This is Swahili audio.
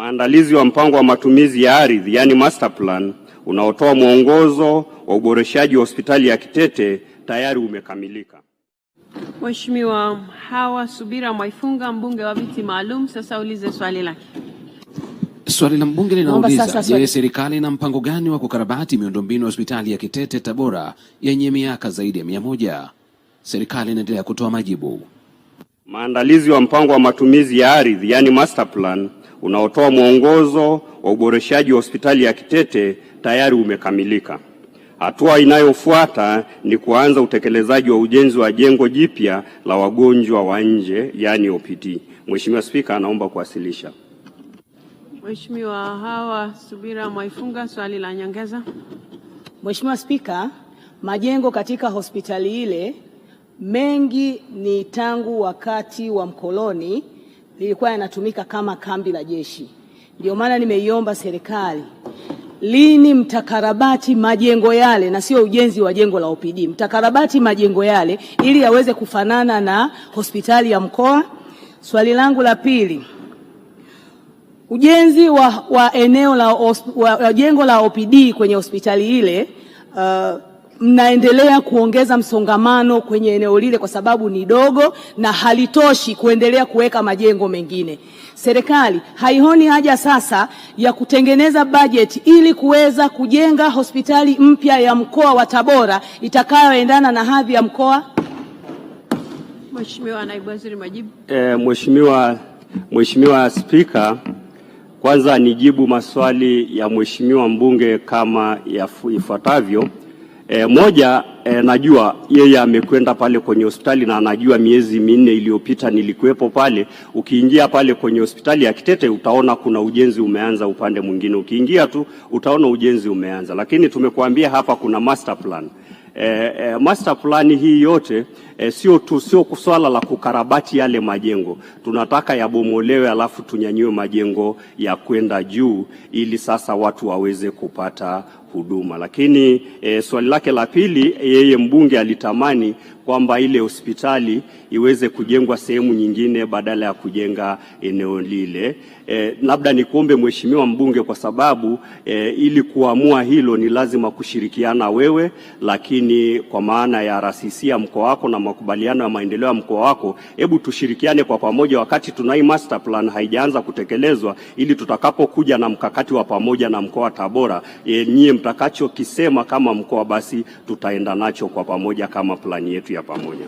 Maandalizi wa mpango wa matumizi ya ardhi yani master plan unaotoa mwongozo wa uboreshaji wa hospitali ya Kitete tayari umekamilika. Mheshimiwa Hawa Subira Mwaifunga, mbunge wa viti maalum, sasa ulize swali lake. Swali la mbunge linauliza, je, serikali ina mpango gani wa kukarabati miundombinu ya hospitali ya Kitete Tabora yenye miaka zaidi ya mia moja? Serikali inaendelea kutoa majibu. Maandalizi wa mpango wa matumizi ya ardhi yani master plan unaotoa mwongozo wa uboreshaji wa hospitali ya Kitete tayari umekamilika. Hatua inayofuata ni kuanza utekelezaji wa ujenzi wa jengo jipya la wagonjwa wa nje yaani OPD. Mheshimiwa Spika, anaomba kuwasilisha. Mheshimiwa Hawa Subira Mwaifunga, swali la nyongeza. Mheshimiwa Spika, majengo katika hospitali ile mengi ni tangu wakati wa mkoloni lilikuwa yanatumika kama kambi la jeshi. Ndio maana nimeiomba serikali, lini mtakarabati majengo yale, na sio ujenzi wa jengo la OPD, mtakarabati majengo yale ili yaweze kufanana na hospitali ya mkoa. Swali langu la pili, ujenzi wa, wa eneo la, wa jengo la OPD kwenye hospitali ile uh, mnaendelea kuongeza msongamano kwenye eneo lile, kwa sababu ni dogo na halitoshi kuendelea kuweka majengo mengine. Serikali haioni haja sasa ya kutengeneza bajeti ili kuweza kujenga hospitali mpya ya mkoa wa Tabora itakayoendana na hadhi ya mkoa. Mheshimiwa Naibu Waziri, majibu. Eh, Mheshimiwa Mheshimiwa Spika, kwanza nijibu maswali ya Mheshimiwa mbunge kama ifuatavyo. E, moja e, najua yeye amekwenda pale kwenye hospitali na anajua miezi minne iliyopita nilikuwepo pale. Ukiingia pale kwenye hospitali ya Kitete utaona kuna ujenzi umeanza upande mwingine, ukiingia tu utaona ujenzi umeanza, lakini tumekuambia hapa kuna master plan. E, e, master plan hii yote e, sio tu sio swala la kukarabati yale majengo, tunataka yabomolewe, alafu tunyanyue majengo ya kwenda juu ili sasa watu waweze kupata huduma. Lakini e, swali lake la pili, yeye mbunge alitamani kwamba ile hospitali iweze kujengwa sehemu nyingine badala ya kujenga eneo lile. E, labda nikuombe mheshimiwa mbunge, kwa sababu e, ili kuamua hilo ni lazima kushirikiana wewe, lakini kwa maana ya rasisi ya mkoa wako na makubaliano ya maendeleo ya mkoa wako, hebu tushirikiane kwa pamoja, wakati tunai master plan haijaanza kutekelezwa, ili tutakapokuja na mkakati wa pamoja na mkoa wa Tabora e, nyie mtakachokisema kama mkoa, basi tutaenda nacho kwa pamoja kama plani yetu ya pamoja.